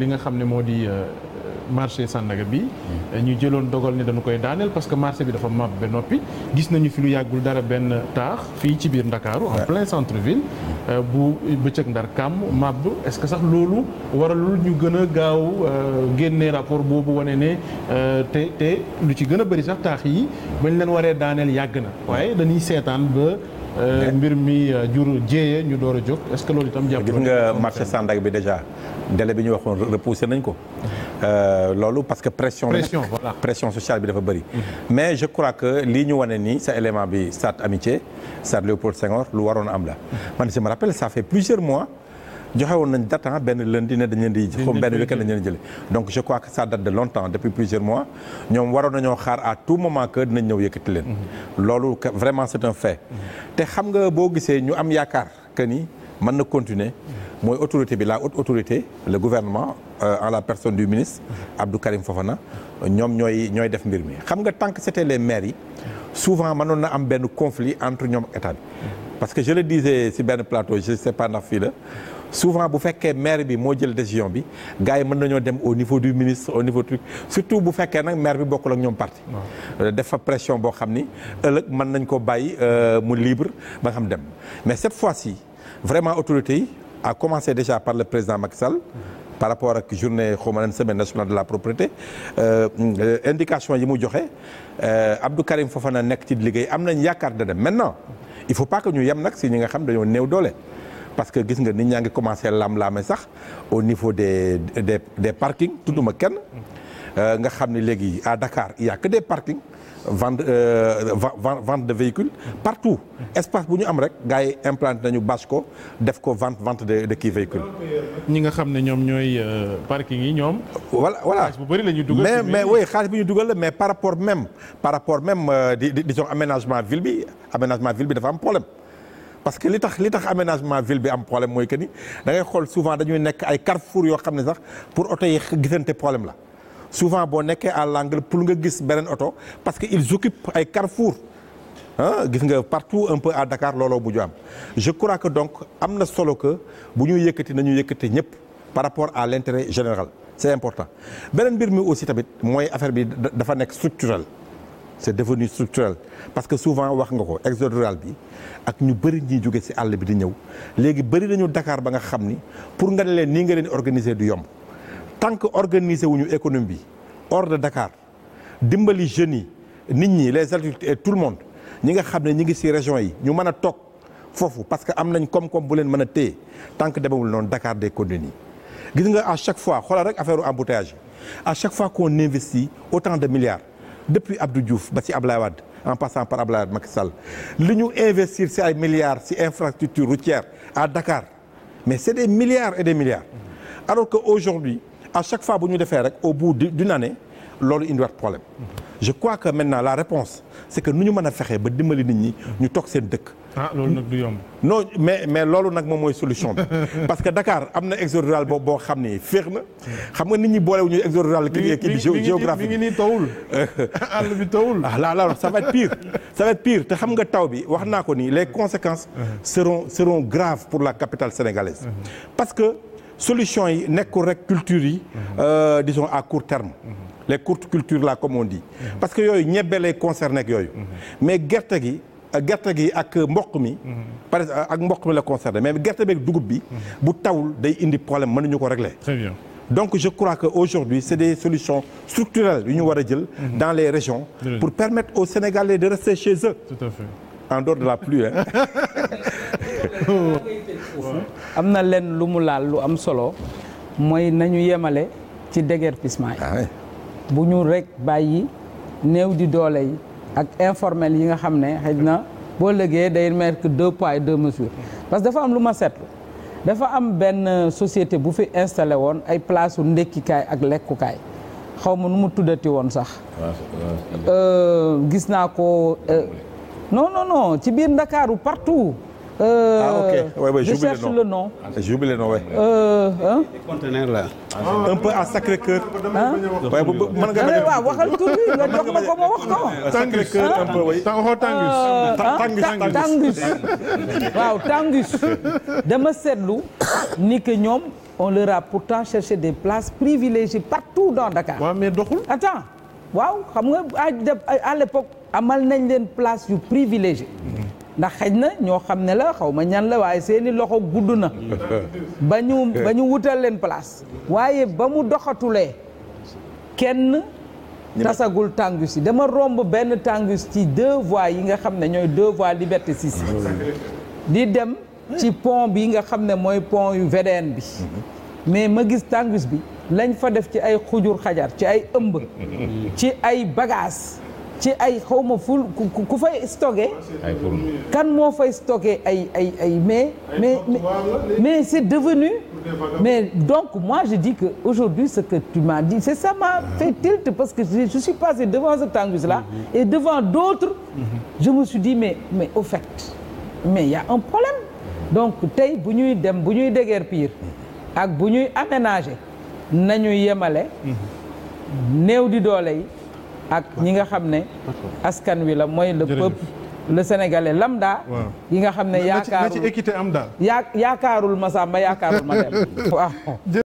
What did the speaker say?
li nga xam ne moo di euh, marché Sandaga bi hmm. ñu jëloon dogal ne danu koy daaneel parce que marché bi dafa mab ba noppi gis nañu fi lu yàggul dara benn taax fii ci biir Ndakaaru en plein centre ville euh, bu bëccëg ndar kàmm mab est-ce que sax loolu waralul ñu gën a gaaw euh, génnee rapport boobu wane ne te te lu ci gën a bëri sax taax yi bañ leen waree daaneel yàgg na waaye dañuy seetaan ba Euh, mbir mi euh, jur jéeye ñu door a jóg est-ce que loolu itam jàpp gis nga marché Sandaga bi déjà délai bi ñu waxoon repoussé nañ ko. Mhm. Euh, loolu parce que pression. pression voilà pression sociale bi dafa bëri. Mhm. mais je crois que lii ñu wane nii sa élément bi stade amitié stade Léopold Senghor lu waroon am la. Mhm. man je me rappelle ça fait plusieurs mois. joxe nañ date ah, benn lundi ne dañ leen di. xom benn week-end dañ leen di donc je crois que ça date de longtemps depuis plusieurs mois ñoom waroon nañoo xaar à tout moment que dinañ ñëw yëkkati leen. Mm-hmm. loolu vraiment c'est un fait. Mm-hmm. te xam nga boo gisee ñu am yaakaar que nii mën na continuer. Mm-hmm. mooy autorité bi la haute autorité le gouvernement euh, en la personne du ministre Abdou Karim Fofana ñoom ñooy ñooy def mbir mi xam nga tant que c'était les maires yi souvent mënoon na am benn conflit entre ñoom ak parce que je le disais si benn plateau je sais ndax fii la souvent bu fekkee maire bi moo jël décision bi gars yi mën nañoo dem au niveau du ministre au niveau truc surtout bu fekkee nag maire bi bokkul ak ñoom parti dafa pression boo xam ni ëllëg mën nañ ko bàyyi euh, mu libre ba xam dem mais cette fois-ci vraiment autorité yi à commencer déjà par le président Macky Sall par rapport ak journée xaw ma semaine nationale de la propriété euh, euh, indication yi mu joxe euh, Abdou Karim Fofana nekk ci liggéey am nañ yaakaar da dem maintenant il faut pas que ñu yem nag si ñi nga xam dañoo new doole parce que gis nga nit ñaa ngi commencé lam-laame sax au niveau des des des parkings tudduma kenn euh, nga xam ne léegi à Dakar il y a que des parkings vente euh, vente de véhicules partout espace bu ñu am rek gars yi implanté nañu bâche ko def ko vente vente de de kii véhicule. ñi nga xam ne ñoom ñooy euh, parking yi ñoom. voilà voilà xaalis bu bëri la ñuy dugal mais mais ñu dugal la mais par rapport même par rapport même euh, di di disons aménagement ville bi aménagement ville bi dafa am problème. parce que li tax li tax aménagement ville bi am problème mooy que ni da ngay xool souvent dañuy nekk ay carrefour yoo xam ne sax pour oto yi gisante problème la. souvent boo nekkee à l'angle pour nga gis beneen oto parce que ils occupent ay carrefour ah gis nga partout un peu à Dakar looloo mujj am je crois que donc am na solo que bu ñu yëkkati nañu yëkkati ñëpp par rapport à l'intérêt général c'est important beneen mbir mi aussi tamit mooy affaire bi dafa nekk structurel c'est devenu structurel parce que souvent wax nga ko exode rural bi ak ñu bëri ñi jóge ci àll bi di ñëw léegi bëri nañu dakaar ba nga xam ni pour nga ne leen nii nga leen organiser du yomb tant que organiser wuñu économie bi hors de Dakar dimbali jeunes yi nit ñi les adultes et tout le monde ñi nga xam ne ñi ngi ci région yi ñu mën a toog foofu parce que am nañ koom-koom bu leen mën a téye tant que demewul noonu Dakar day continuer gis nga à chaque fois xoolal rek affaire embouteillage à chaque fois qu'on investit autant de milliards depuis Abdou Diouf ba ci Ablaye Wade en passant par Ablaye Wade Macky Sall li ñu investir ci ay milliards ci infrastructure routière à Dakar mais c'est des milliards et des milliards alors que aujourd'hui à chaque fois bu ñu defee rek au bout d'une année loolu indiwaat problème je crois que maintenant la réponse c'est que nu ñu mën a fexee ba dimbali nit ñi ñu toog seen dëkk. ah loolu nag du yomb. non mais loolu nag moom mooy solution bi parce que Dakar am na exode boobu boo xam ni féex na xam nga nit ñi boolewuñu exode rural. kii bi géographique nii tawul. àll bi tawul. ah là là ça va être pire ça va pire te xam nga taw bi wax naa ko nii les conséquences. seron seront graves pour la capitale sénégalaise. parce que solution yi nekkul rek culture yi mhm. euh, disons à court terme mhm. les courtes cultures là comme on dit mhm. parce que yooyu ñebbe lay concerné ak yooyu mais gerte gi euh, gerte gi ak mboq mi par ak mboq mi la concerné mais gerte beeg dugub bi bu tawul day indi problème ñu ko régler très bien donc je crois que aujourd'hui c'est des solutions structurelles yu ñu war a jël dans les régions pour permettre aux Sénégalais de rester chez eux en dehors de la pluie hein am na leen lu mu laal lu am solo mooy nañu yemale ci déguerpissement yi ah bu ñuul rek bàyyi néew di doole yi ak informel yi nga xam ne xëy na boo lëgee day mettre que deux poids et deux mesures parce que dafa am lu ma seetlu dafa am benn société bu fi installé woon ay place u ndékkikaay ak lekkukaay xaw ma nu mu tuddati woon sax euh, gis naa ko euh, non non non ci biir Ndakaaru partout Euh, ah ok ouais, ouais, je cherche le nom ah, j'oublie le nom ouais. Euh, peu à Sacré-Cœur. ah waaw waxal tur bi nga jox wax ko. Sacré-Cœur un tangus euh, tangus waaw tangus dama seetlu ni que ñoom on leur a pourtant cherché des places privilégiées partout dans Dakar. waaw mais doxul. attends waaw xam nga à l'époque amal nañ leen place yu privilégiées. ndax xëj na ñoo xam ne la xaw ma ñan la waaye seeni loxo gudd na ba ñu ba ñu wutal leen place waaye ba mu doxatulee kenn tasagul tàngus yi dama romb benn tàngus ci deux voies yi nga xam ne ñooy deux voies liberté six di dem ci pont bi nga xam ne mooy pont yu VDN bi mais ma gis tàngus bi lañ fa def ci ay xujur xajar ci ay ëmb ci ay bagages ci ay xawma ful ku fay stocké kan moo fay stocké ay ay ay mais mais mais c'est devenu mais donc moi je dis que aujourd'hui ce que tu m'as dit c'est ça m'a fait tilt parce que je suis passé devant cet angus là et devant d'autres mm-hmm. je me suis di mais mais au fait mais il a un problème donc tey bu ñuy dem bu ñuy pir ak bu ñuy aménager nañu yemale mm-hmm. néew di doole yi ak ñi nga xam ne askan wi la mooy le peuple le lam da yi nga xam ne yaakaarul am daal yaakaarul ma Samba yaakaarul ma dem